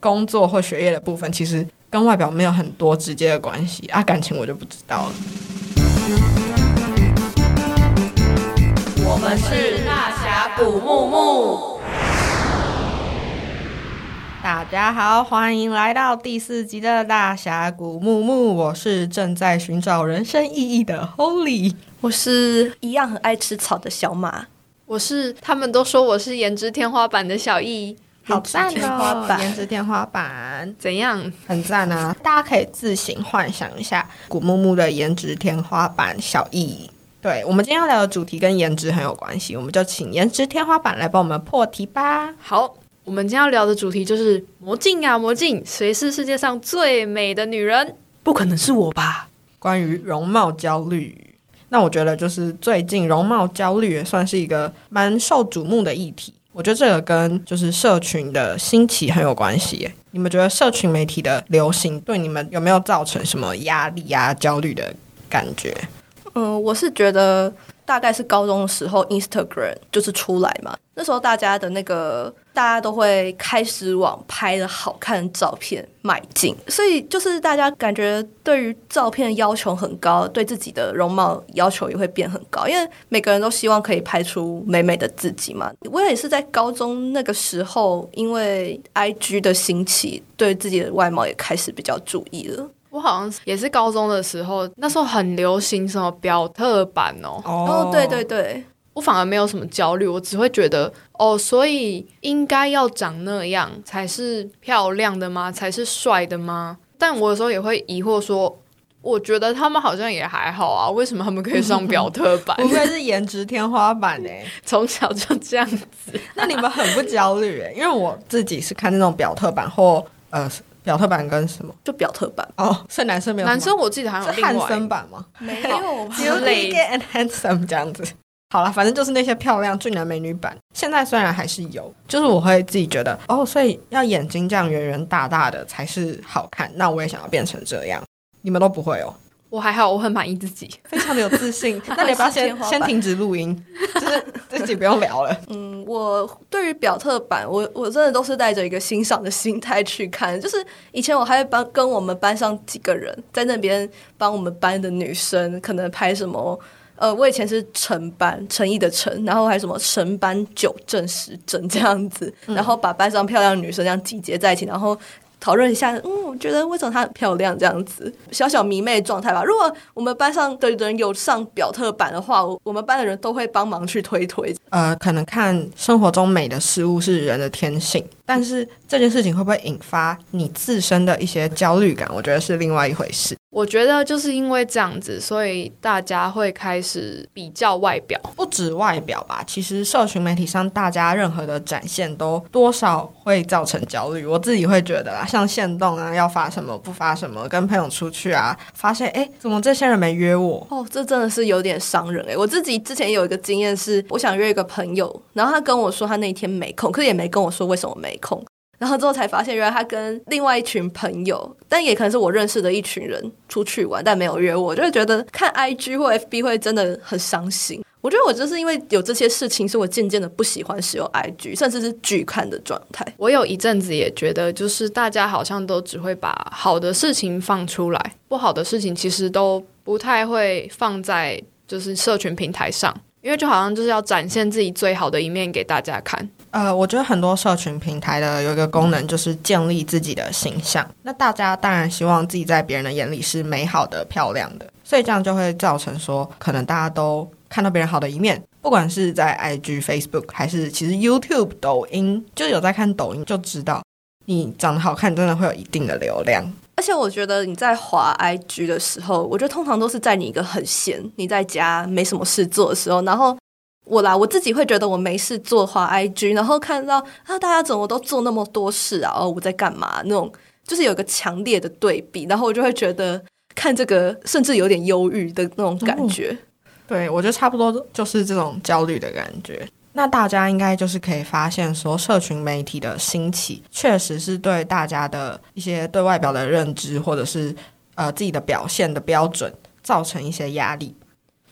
工作或學業的部分，其實跟外表沒有很多直接的關係啊。感情我就不知道了。我們是大俠谷慕慕，大家好，歡迎來到第四集的大俠谷慕慕。我是正在尋找人生意義的齁哩，我是一樣很愛吃草的小馬，我是他們都說我是顏值天花板的小易。好贊哦！顏值天花板 怎樣？很贊啊！大家可以自行幻想一下谷慕慕的顏值天花板小易。對，我們今天要聊的主題跟顏值很有關係，我們就請顏值天花板來幫我們破題吧。好，我們今天要聊的主題就是魔鏡啊，魔鏡，誰是世界上最美的女人？不可能是我吧？關於容貌焦慮，那我覺得就是最近容貌焦慮也算是一個蠻受矚目的議題。我覺得這個跟就是社群的興起很有關係。你們覺得社群媒體的流行對你們有沒有造成什麼壓力啊、焦慮的感覺？嗯，我是覺得大概是高中的時候，Instagram 就是出來嘛，那時候大家的那個。大家都會開始往拍的好看照片邁進，所以就是大家感覺對於照片的要求很高，對自己的容貌要求也會變很高，因為每個人都希望可以拍出美美的自己嘛。我也是在高中那個時候，因為 IG 的興起，對自己的外貌也開始比較注意了。我好像也是高中的時候，那時候很流行什麼表特板哦，哦，oh. oh, 對對對。我反而沒有什麼焦慮，我只會覺得哦，所以應該要長那樣才是漂亮的嗎？才是帥的嗎？但我有時候也會疑惑說，我覺得他們好像也還好啊，為什麼他們可以上表特版？ 無非是顏值天花板哎、欸，從小就這樣子、啊。那你們很不焦慮哎、欸，因為我自己是看那種表特版或呃表特版跟什麼，就表特版哦。是男生沒有男生，我記得還有漢森版嗎？沒有，只有 Lady and handsome 這樣子。好了，反正就是那些漂亮俊男美女版。現在雖然還是有，就是我會自己覺得哦，所以要眼睛這樣圓圓大大的才是好看。那我也想要變成這樣。你們都不會哦，我還好，我很滿意自己， 非常的有自信。 那你不要先先停止錄音，就是自己不用聊了。 嗯，我對於表特版，我我真的都是帶着一個欣賞的心態去看。就是以前我還會幫跟我們班上幾個人在那邊幫我們班的女生，可能拍什麼。呃，我以前是誠班，誠毅的誠，然後還有什麼誠班九正十正這樣子，嗯、然後把班上漂亮的女生這樣集結在一起，然後討論一下，嗯，我覺得為什麼她很漂亮這樣子，小小迷妹狀態吧。如果我們班上的人有上表特版的話，我們班的人都會幫忙去推推。呃，可能看生活中美的事物是人的天性。但是這件事情會不會引發你自身的一些焦慮感？我覺得是另外一回事。我覺得就是因為這樣子，所以大家會開始比較外表，不止外表吧。其實社群媒體上大家任何的展現都多少會造成焦慮。我自己會覺得啊，像限動啊，要發什麼不發什麼，跟朋友出去啊，發現哎，怎麼這些人沒約我？哦，這真的是有點傷人欸。我自己之前有一個經驗是，我想約一個朋友，然後他跟我說他那一天沒空，可是也沒跟我說為什麼沒。然後之後才發現，原來他跟另外一群朋友，但也可能是我認識的一群人出去玩，但沒有約我，就會覺得看 IG 或 FB 會真的很傷心。我覺得我就是因為有這些事情，是我漸漸的不喜歡使用 IG，甚至是拒看的狀態。我有一陣子也覺得，就是大家好像都只會把好的事情放出來，不好的事情其實都不太會放在就是社群平台上，因為就好像就是要展現自己最好的一面給大家看。呃，我覺得很多社群平台的有一個功能就是建立自己的形象。那大家當然希望自己在別人的眼裡是美好的、漂亮的，所以這樣就會造成說，可能大家都看到別人好的一面。不管是在 IG、Facebook，還是其實 YouTube、抖音，就有在看抖音就知道，你長得好看真的會有一定的流量。而且我覺得你在滑 IG 的時候，我覺得通常都是在你一個很閒、你在家沒什麼事做的時候，然後。我啦，我自己會覺得我沒事做的話，滑 IG，然後看到啊，大家怎麼都做那麼多事啊？哦，我在幹嘛？那種就是有個強烈的對比，然後我就會覺得看這個，甚至有點憂鬱的那種感覺。哦，對，我覺得差不多就是這種焦慮的感覺。那大家應該就是可以發現，說社群媒體的興起，確實是對大家的一些對外表的認知，或者是呃自己的表現的標準，造成一些壓力。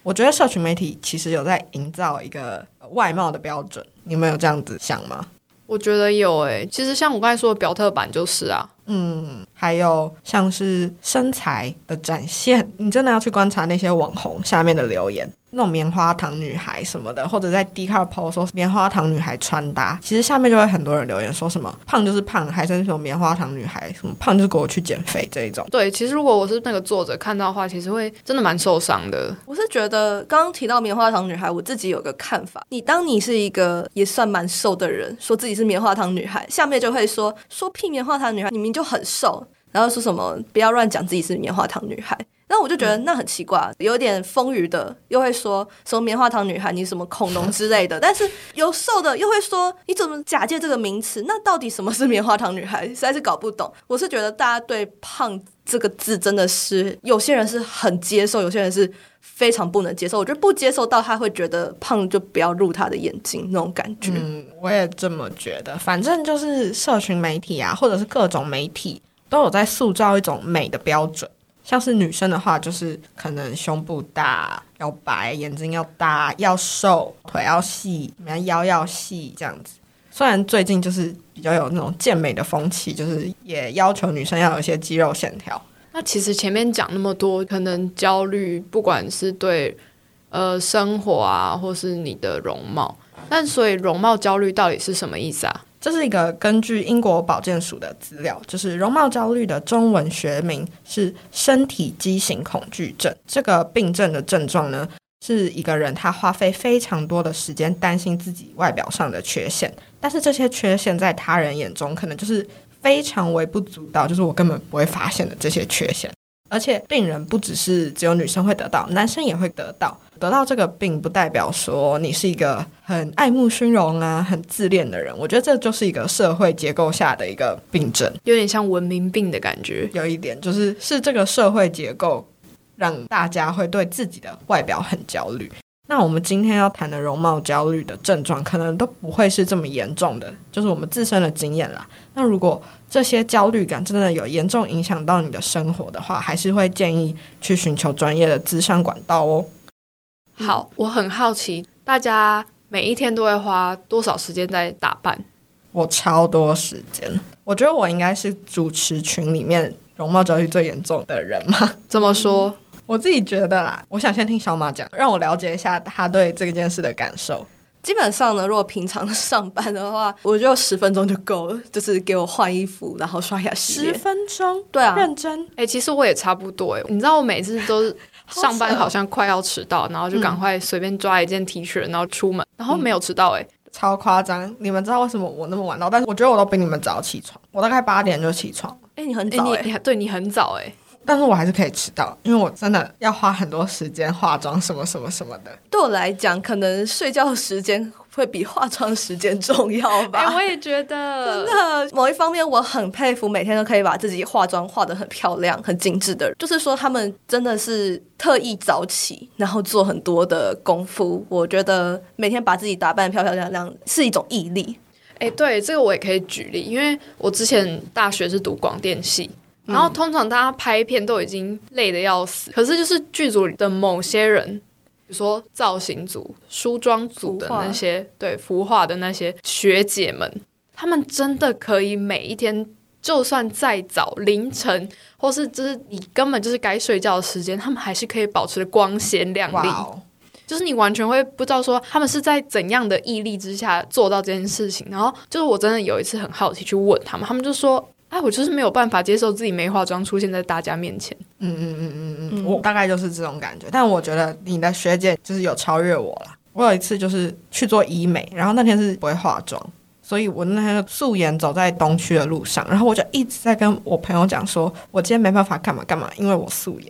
我覺得社群媒體其實有在營造一個外貌的標準，你們有這樣子想嗎？我覺得有誒、欸，其實像我剛才說的表特版就是啊，嗯，還有像是身材的展現，你真的要去觀察那些網紅下面的留言。那種棉花糖女孩什麼的，或者在 Dcard po、說棉花糖女孩穿搭，其實下面就會很多人留言說什麼胖就是胖，還是那種棉花糖女孩什麼胖就是給我去減肥這一種。對，其實如果我是那個作者看到的話，其實會真的蠻受傷的。我是覺得剛剛提到棉花糖女孩，我自己有個看法。你當你是一個也算蠻瘦的人，說自己是棉花糖女孩，下面就會說說屁棉花糖女孩，你明明就很瘦，然後說什麼不要亂講自己是棉花糖女孩。那我就覺得那很奇怪，嗯、有點豐腴的又會說什麼“棉花糖女孩”你什麼恐龍之類的， 但是有瘦的又會說你怎麼假借這個名詞？那到底什麼是棉花糖女孩？實在是搞不懂。我是覺得大家對“胖”這個字真的是有些人是很接受，有些人是非常不能接受。我覺得不接受到他會覺得胖就不要入他的眼睛那種感覺。嗯，我也這麼覺得。反正就是社群媒體啊，或者是各種媒體都有在塑造一種美的標準。像是女生的話，就是可能胸部大，要白，眼睛要大，要瘦，腿要細，然後腰要細這樣子。雖然最近就是比較有那種健美的風氣，就是也要求女生要有一些肌肉線條。那其實前面講那麼多，可能焦慮，不管是對呃生活啊，或是你的容貌，但所以容貌焦慮到底是什麼意思啊？這是一個根據英國保健署的資料，就是容貌焦慮的中文學名是身體畸形恐懼症。這個病症的症狀呢，是一個人他花費非常多的時間擔心自己外表上的缺陷，但是這些缺陷在他人眼中可能就是非常微不足道，就是我根本不會發現的這些缺陷。而且，病人不只是只有女生會得到，男生也會得到。得到這個病，不代表說你是一個。很愛慕虛榮啊，很自戀的人，我覺得這就是一個社會結構下的一個病症，有點像文明病的感覺。有一點就是，是這個社會結構讓大家會對自己的外表很焦慮。那我們今天要談的容貌焦慮的症狀，可能都不會是這麼嚴重的，就是我們自身的經驗啦。那如果這些焦慮感真的有嚴重影響到你的生活的話，還是會建議去尋求專業的諮商管道哦。好，我很好奇大家，每一天都會花多少時間在打扮？我超多時間，我覺得我應該是主持群裡面容貌焦慮最嚴重的人嘛。怎麼說？嗯。我自己覺得啦。我想先聽小馬講，讓我了解一下他對這件事的感受。基本上呢，如果平常上班的話，我就十分鐘就夠了，就是給我換衣服，然後刷牙洗臉。十分鐘？對啊，認真。誒、欸。其實我也差不多欸，你知道我每次都是。 上班好像快要遲到，啊、然後就趕快隨便抓一件 T 恤，嗯、然後出門，然後沒有遲到誒、欸，超誇張！你們知道為什麼我那麼晚到？但是我覺得我都比你們早起床，我大概八點就起床誒，哎，欸、你很早哎、欸欸，對，你很早哎、欸，但是我還是可以遲到，因為我真的要花很多時間化妝什麼什麼什麼的。對我來講，可能睡覺的時間。會比化妝時間重要吧？哎、欸，我也覺得， 真的，某一方面我很佩服每天都可以把自己化妝化得很漂亮、很精緻的人。就是說，他們真的是特意早起，然後做很多的功夫。我覺得每天把自己打扮得漂漂亮亮是一種毅力。哎、欸，對，這個我也可以舉例，因為我之前大學是讀廣電系，嗯、然後通常大家拍片都已經累得要死，可是就是劇組裡的某些人。比如說造型組、梳妝組的那些，化對服化的那些學姐們，他們真的可以每一天，就算再早凌晨，或是就是你根本就是該睡覺的時間，他們還是可以保持光鮮亮麗。Wow. 就是你完全會不知道說他們是在怎樣的毅力之下做到這件事情，然後就是我真的有一次很好奇去問他們，他們就說：“哎，我就是沒有辦法接受自己沒化妝出現在大家面前。”嗯嗯嗯嗯嗯，我大概就是這種感覺，嗯、但我覺得你的學姐就是有超越我了。我有一次就是去做醫美，然後那天是不會化妝，所以我那天素顏走在東區的路上，然後我就一直在跟我朋友講說，我今天沒辦法幹嘛幹嘛，因為我素顏。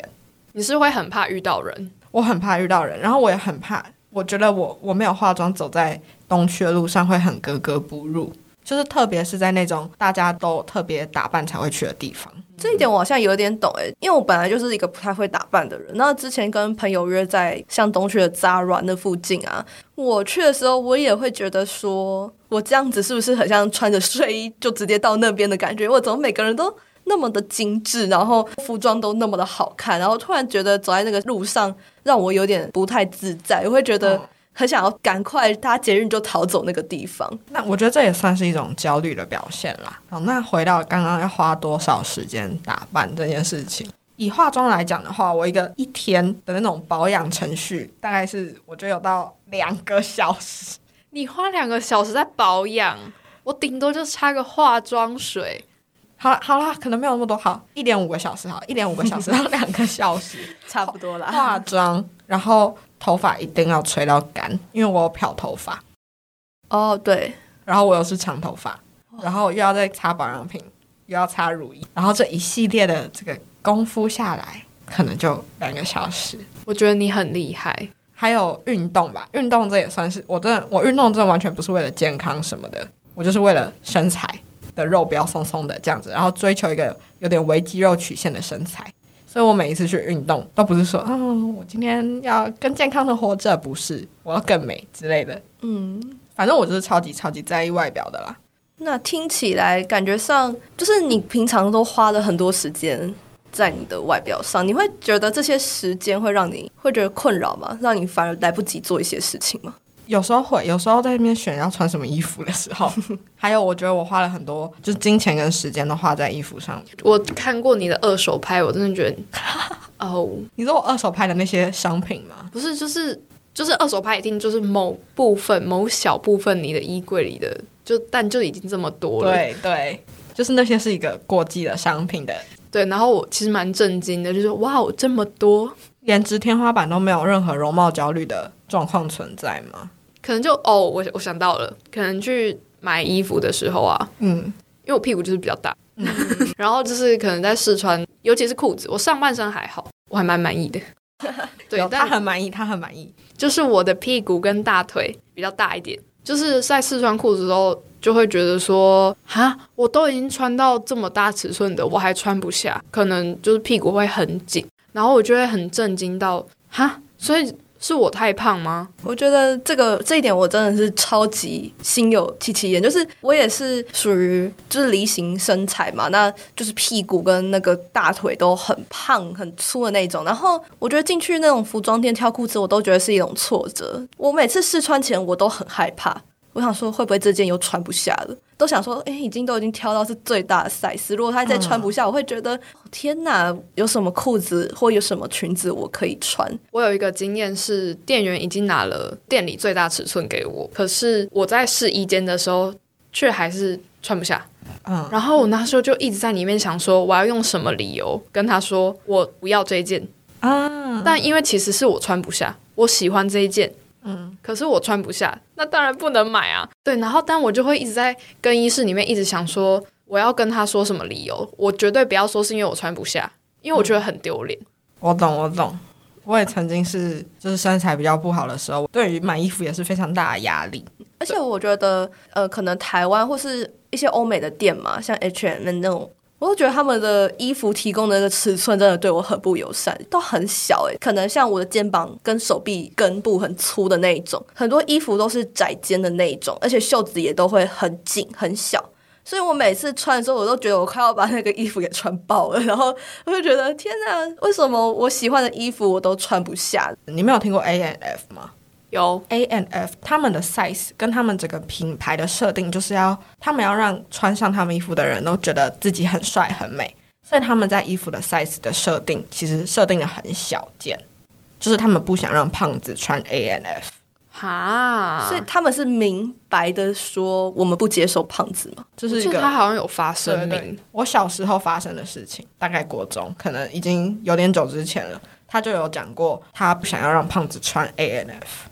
你是會很怕遇到人？我很怕遇到人，然後我也很怕，我覺得我我沒有化妝走在東區的路上會很格格不入，就是特別是在那種大家都特別打扮才會去的地方。這一點我好像有點懂哎、欸，因為我本來就是一個不太會打扮的人。那之前跟朋友約在像東區的 ZARA 那附近啊，我去的時候我也會覺得說，我這樣子是不是很像穿着睡衣就直接到那邊的感覺？我怎麼每個人都那麼的精致，然後服裝都那麼的好看，然後突然覺得走在那個路上讓我有點不太自在，我會覺得。很想要趕快，搭捷運就逃走那個地方。那我覺得這也算是一種焦慮的表現啦、哦。那回到剛剛要花多少時間打扮這件事情，以化妝來講的話，我一個一天的那種保養程序，大概是我覺得有到兩個小時。你花兩個小時在保養，我頂多就擦個化妝水。好啦好了，可能沒有那麼多，好一點五個小時好，好一點五個小時到兩個小時， 差不多了。化妝，然後。頭髮一定要吹到乾，因為我有漂頭髮。哦，oh, 對，然後我又是長頭髮，然後又要再擦保養品，又要擦乳液，然後這一系列的這個功夫下來，可能就兩個小時。我覺得你很厲害，還有運動吧？運動這也算是，我真的我運動真的完全不是為了健康什麼的，我就是為了身材的肉不要鬆鬆的這樣子，然後追求一個有點微肌肉曲線的身材。所以我每一次去運動，倒不是說嗯、哦，我今天要更健康的活着，不是，我要更美之類的。嗯，反正我就是超級超級在意外表的啦。那聽起來感覺上，就是你平常都花了很多時間在你的外表上，你會覺得這些時間會讓你會覺得困擾嗎？讓你反而來不及做一些事情嗎？有時候會，有時候在那邊選要穿什麼衣服的時候，還有我覺得我花了很多，就是金錢跟時間都花在衣服上。 我看過你的二手拍，我真的覺得， 哦，你說我二手拍的那些商品嗎？不是，就是就是二手拍一定就是某部分某小部分你的衣櫃裡的，就但就已經這麼多了。對對，就是那些是一個過季的商品的。對，然後我其實蠻震驚的，就是哇哦，這麼多，連顏值天花板都沒有任何容貌焦慮的狀況存在嗎？可能就哦，我我想到了，可能去買衣服的時候啊，嗯，因為我屁股就是比較大，嗯、 然後就是可能在試穿，尤其是褲子，我上半身還好，我還蠻滿意的。 對有但他很滿意，他很滿意，就是我的屁股跟大腿比較大一點，就是在試穿褲子的時候，就會覺得說，哈，我都已經穿到這麼大尺寸的，我還穿不下，可能就是屁股會很緊，然後我就會很震驚到，哈，所以。是我太胖嗎？我覺得這個這一點我真的是超級心有戚戚焉，就是我也是屬於就是梨形身材嘛，那就是屁股跟那個大腿都很胖很粗的那種。然後我覺得進去那種服裝店挑褲子，我都覺得是一種挫折。我每次試穿前，我都很害怕。我想說，會不會這件又穿不下了？都想說，誒、欸，已經都已經挑到是最大的 size，如果它再穿不下，我會覺得，天哪，有什麼褲子或有什麼裙子我可以穿？我有一個經驗是，店員已經拿了店裡最大尺寸給我，可是我在試衣間的時候卻還是穿不下。嗯，uh, 然後我那時候就一直在裡面想說，我要用什麼理由跟他說我不要這一件啊？Uh, 但因為其實是我穿不下，我喜歡這一件。嗯，可是我穿不下，那當然不能買啊。對，然後但我就會一直在更衣室裡面一直想說，我要跟他說什麼理由，我絕對不要說是因為我穿不下，因為我覺得很丟臉。我懂，我懂，我也曾經是就是身材比較不好的時候，對於買衣服也是非常大的壓力。對而且我覺得，呃，可能台灣或是一些歐美的店嘛，像 H&M 那種。我都覺得他們的衣服提供的那個尺寸真的對我很不友善，都很小哎、欸。可能像我的肩膀跟手臂根部很粗的那一種，很多衣服都是窄肩的那一種，而且袖子也都會很緊很小。所以我每次穿的時候，我都覺得我快要把那個衣服給穿爆了。然後我就覺得天哪，為什麼我喜歡的衣服我都穿不下？你沒有聽過 A and F 嗎？由有 A N F，他們的 size 跟他們整個品牌的設定，就是要他們要讓穿上他們衣服的人都覺得自己很帥很美，所以他們在衣服的 size 的設定其實設定的很小件，就是他們不想讓胖子穿 A N F。哈。所以他們是明白的說，我們不接受胖子嘛。就是一個他好像有發聲明。名我小時候發生的事情，大概國中，可能已經有點久之前了，他就有講過，他不想要讓胖子穿 A N F。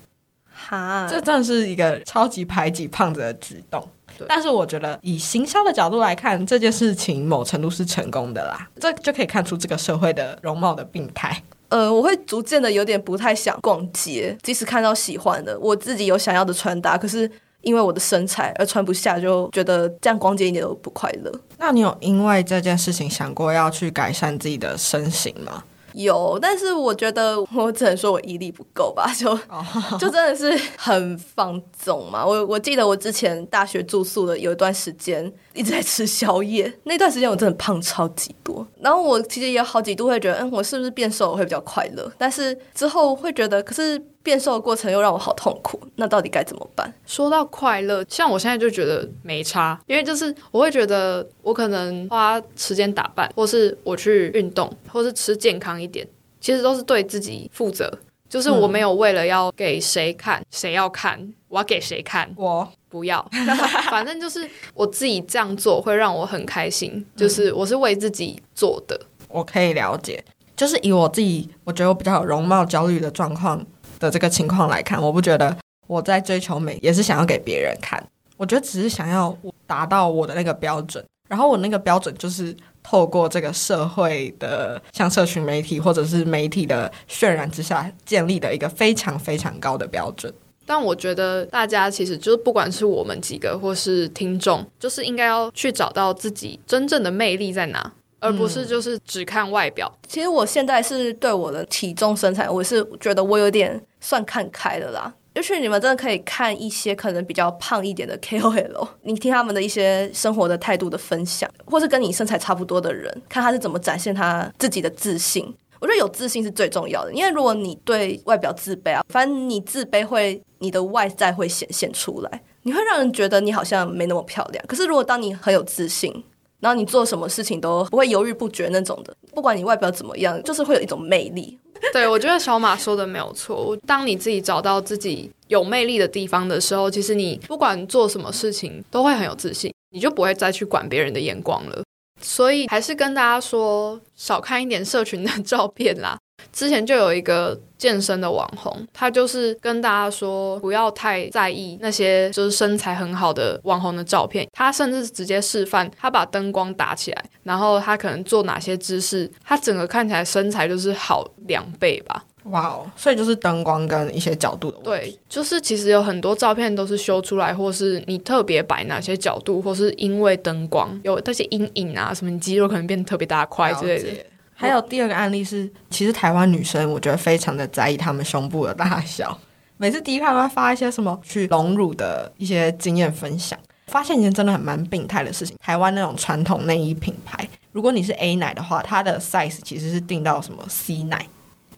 哈，這真的是一個超級排擠胖子的舉動。對，但是我覺得以行銷的角度來看，這件事情某程度是成功的啦。這就可以看出這個社會的容貌的病態。呃，我會逐漸的有點不太想逛街，即使看到喜歡的，我自己有想要的穿搭，可是因為我的身材而穿不下，就覺得這樣逛街一點都不快樂。那你有因為這件事情想過要去改善自己的身形嗎？有，但是我覺得我只能說我毅力不夠吧，就、oh. 就真的是很放縱嘛。我我記得我之前大學住宿的有一段時間一直在吃宵夜，那段時間我真的胖超級多。然後我其實也有好幾度會覺得，嗯，我是不是變瘦我會比較快樂？但是之後會覺得，可是。變瘦的過程又讓我好痛苦，那到底該怎麼辦？說到快樂，像我現在就覺得沒差，因為就是我會覺得我可能花時間打扮，或是我去運動，或是吃健康一點，其實都是對自己負責。就是我沒有為了要給誰看，誰、嗯、要看，我要給誰看，我不要。 反正就是我自己這樣做會讓我很開心，就是我是為自己做的，我可以了解。就是以我自己，我覺得我比較有容貌焦慮的狀況。的這個情況來看，我不覺得我在追求美也是想要給別人看，我覺得只是想要達到我的那個標準。然後我那個標準就是透過這個社會的，像社群媒體或者是媒體的渲染之下建立的一個非常非常高的標準。但我覺得大家其實就是不管是我們幾個或是聽眾，就是應該要去找到自己真正的魅力在哪，而不是就是只看外表。嗯，其實我現在是對我的體重身材，我是覺得我有點。算看開了啦，也許你們真的可以看一些可能比較胖一點的 KOL，你聽他們的一些生活的態度的分享，或是跟你身材差不多的人，看他是怎麼展現他自己的自信。我覺得有自信是最重要的，因為如果你對外表自卑啊，反正你自卑會你的外在會顯現出來，你會讓人覺得你好像沒那麼漂亮。可是如果當你很有自信，然後你做什麼事情都不會猶豫不決那種的，不管你外表怎麼樣，就是會有一種魅力。對，我覺得小馬說的沒有錯，當你自己找到自己有魅力的地方的時候，其實你不管做什麼事情都會很有自信，你就不會再去管別人的眼光了。所以還是跟大家說，少看一點社群的照片啦。之前就有一個健身的網紅，他就是跟大家說，不要太在意那些就是身材很好的網紅的照片。他甚至直接示範，他把燈光打起來，然後他可能做哪些姿勢，他整個看起來身材就是好兩倍吧。哇哦！Wow, 所以就是燈光跟一些角度的問題。對，就是其實有很多照片都是修出來，或是你特別擺哪些角度，或是因為燈光有那些陰影啊，什麼你肌肉可能變得特別大塊之類的。了解。好。還有第二個案例是，其實台灣女生我覺得非常的在意她們胸部的大小， 每次第一排都會發一些什麼去隆乳的一些經驗分享，發現一件真的很蠻病態的事情。台灣那種傳統內衣品牌，如果你是 A 奶的話，它的 size 其實是定到什麼 C 奶。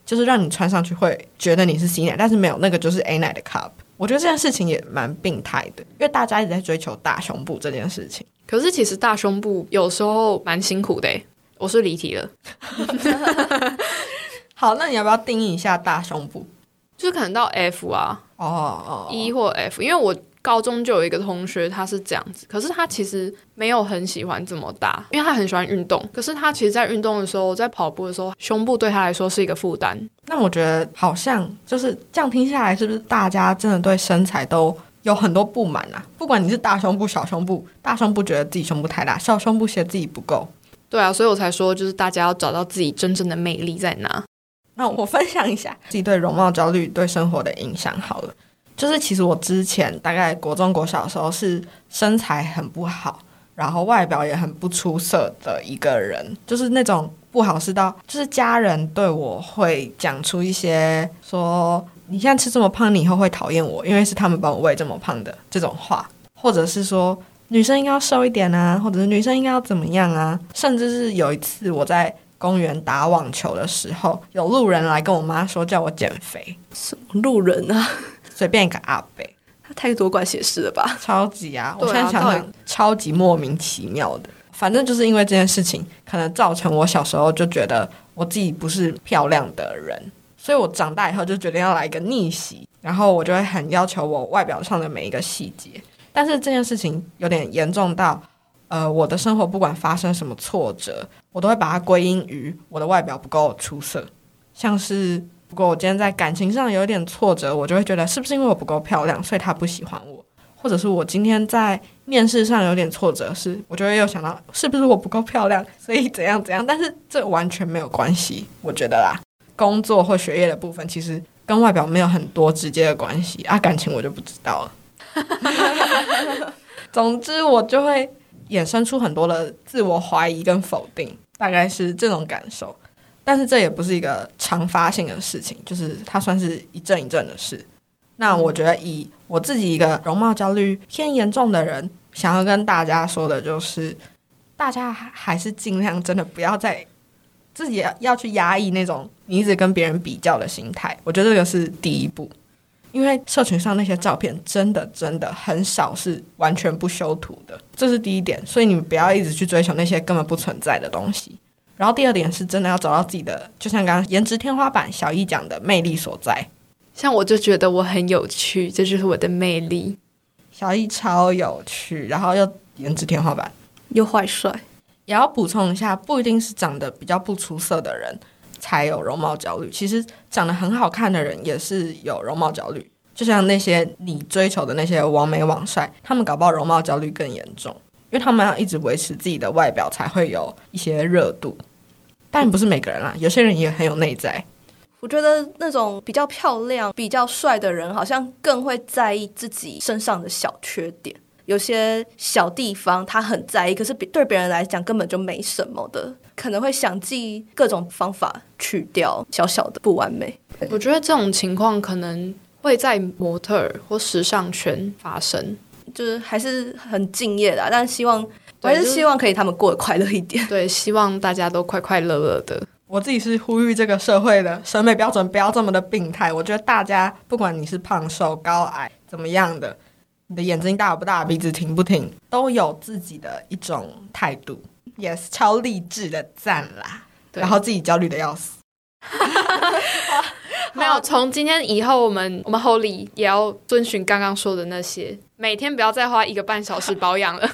就是讓你穿上去會覺得你是 C 奶，但是沒有那個就是 A 奶的 cup。我覺得這件事情也蠻病態的，因為大家一直在追求大胸部這件事情。可是其實大胸部有時候蠻辛苦的欸，我是離題了。 好，那你要不要定義一下大胸部？就是可能到 F 啊，哦哦，oh, oh, oh.，E 或 F，因為我。高中就有一個同學，他是這樣子，可是他其實沒有很喜歡這麼大，因為他很喜歡運動。可是他其實，在運動的時候，在跑步的時候，胸部對他來說是一個負擔。那我覺得好像就是這樣聽下來，是不是大家真的對身材都有很多不滿啊？不管你是大胸部、小胸部，大胸部覺得自己胸部太大，小胸部嫌自己不夠。對啊，所以我才說，就是大家要找到自己真正的魅力在哪。那我分享一下自己對容貌焦慮對生活的影響好了。就是其實我之前大概國中、國小的時候是身材很不好，然後外表也很不出色的一個人，就是那種不好是到就是家人對我會講出一些說，你現在吃這麼胖，你以後會討厭我，因為是他們幫我餵這麼胖的這種話，或者是說女生應該要瘦一點啊，或者是女生應該要怎麼樣啊，甚至是有一次我在公園打網球的時候，有路人來跟我媽說叫我減肥，什麼路人啊。隨便一個阿北，他太多管閒事了吧？超級啊！我現在想想，超級莫名其妙的。反正就是因為這件事情，可能造成我小時候就覺得我自己不是漂亮的人，所以我長大以後就決定要來一個逆襲。然後我就會很要求我外表上的每一個細節。但是這件事情有點嚴重到，呃，我的生活不管發生什麼挫折，我都會把它歸因於我的外表不夠出色，像是，如果我今天在感情上有點挫折，我就會覺得是不是因為我不夠漂亮，所以他不喜歡我，或者是我今天在面試上有點挫折，是，我就會又想到是不是我不夠漂亮，所以怎樣怎樣。但是這完全沒有關係，我覺得啦，工作或學業的部分其實跟外表沒有很多直接的關係啊。感情我就不知道了。 總之我就會衍生出很多的自我懷疑跟否定，大概是這種感受。但是這也不是一個常發性的事情，就是它算是一陣一陣的事。那我覺得以我自己一個容貌焦慮偏嚴重的人，想要跟大家說的就是，大家還是儘量真的不要再自己要去壓抑那種你一直跟別人比較的心態。我覺得這個是第一步，因為社群上那些照片真的真的很少是完全不修圖的，這是第一點。所以你們不要一直去追求那些根本不存在的東西。然後第二點是真的要找到自己的，就像剛剛顏值天花板小易講的魅力所在。像我就覺得我很有趣，這就是我的魅力。小易超有趣，然後又顏值天花板，又壞帥。也要補充一下，不一定是長得比較不出色的人才有容貌焦慮，其實長得很好看的人也是有容貌焦慮。就像那些你追求的那些網美網帥，他們搞不好容貌焦慮更嚴重。因為他們要一直維持自己的外表，才會有一些熱度。但不是每個人啊，有些人也很有內在。我覺得那種比較漂亮、比較帥的人，好像更會在意自己身上的小缺點。有些小地方他很在意，可是對別人來講根本就沒什麼的，可能會想盡各種方法去掉小小的不完美。我覺得這種情況可能會在模特兒或時尚圈發生。就是還是很敬業的，啊，但希望我還是希望可以他們過得快樂一點。 對，希望大家都快快樂樂的。我自己是呼籲這個社會的審美標準不要這麼的病態。我覺得大家不管你是胖瘦，高矮怎麼樣的，你的眼睛大不大、鼻子挺不挺，都有自己的一種態度。Yes，超勵志的讚啦！對然後自己焦慮的要死。 沒有，從今天以後我，我們我們齁哩也要遵循剛剛說的那些，每天不要再花一個半小時保養了。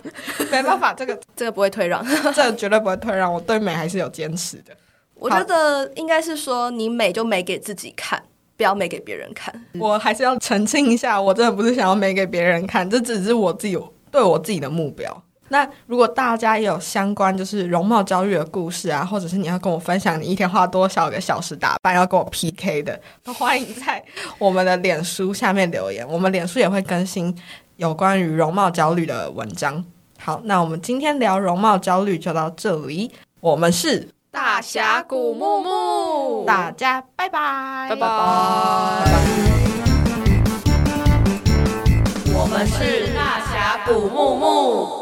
沒辦法，這個這個不會退讓，這個絕對不會退讓。我對美還是有堅持的。我覺得應該是說，你美就美給自己看，不要美給別人看。嗯，我還是要澄清一下，我真的不是想要美給別人看，這只是我自己對我自己的目標。那如果大家也有相關就是容貌焦慮的故事啊，或者是你要跟我分享你一天花多少個小時打扮，要跟我 PK 的，都歡迎在 我們的臉書下面留言，我們臉書也會更新有關於容貌焦慮的文章。好，那我們今天聊容貌焦慮就到這裡，我們是大俠谷慕慕，大家拜拜，拜拜，我們是大俠谷慕慕。